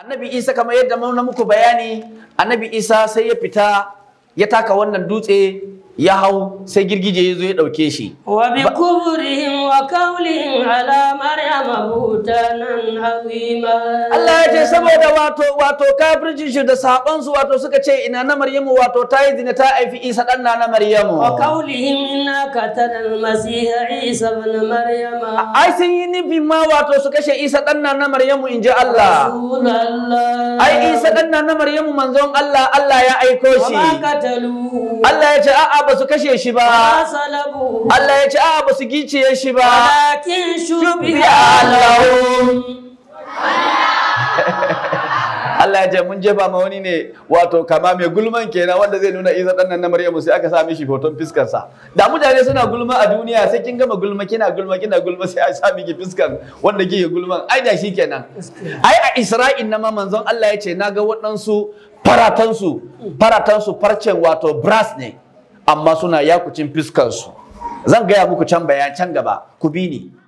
annabi isa kamar yadda na muku bayani annabi isa sai ya fita ya taka wannan dutse ya hau sai girgije ya zo ya dauke shi wa bi kubrihim wa qawlihim ala buhtanan azima Allah ya ce saboda wato wato kafirci shi da sabon su wato suka ce ina na Maryamu wato ta yi zina ta haifi Isa dan na Maryamu wa qaulihim inna qatala al-masih Isa ibn Maryama ai sun yi ni bima wato su kashe Isa dan na Maryamu in ji Allah ai Isa dan na Maryamu manzon Allah Allah ya aiko shi Allah ya ce a'a ba su kashe shi ba Allah ya ce a'a ba su giciye shi ba Allah Allah ya ce mun jefa ma wani ne wato kama mai gulman kenan wanda zai nuna isa dan nan na Maryamu sai aka sa mishi hoton fiskar sa da mutane suna gulma a duniya sai kin gama gulma kina gulma kina gulma sai a sa miki fiskar wanda kike gulman ai da shi kenan ai a Isra'il na ma manzon Allah ya ce naga waɗansu faratansu faratansu farcen wato brass ne amma suna yakucin su. zan gaya muku can bayan can gaba ku bi ni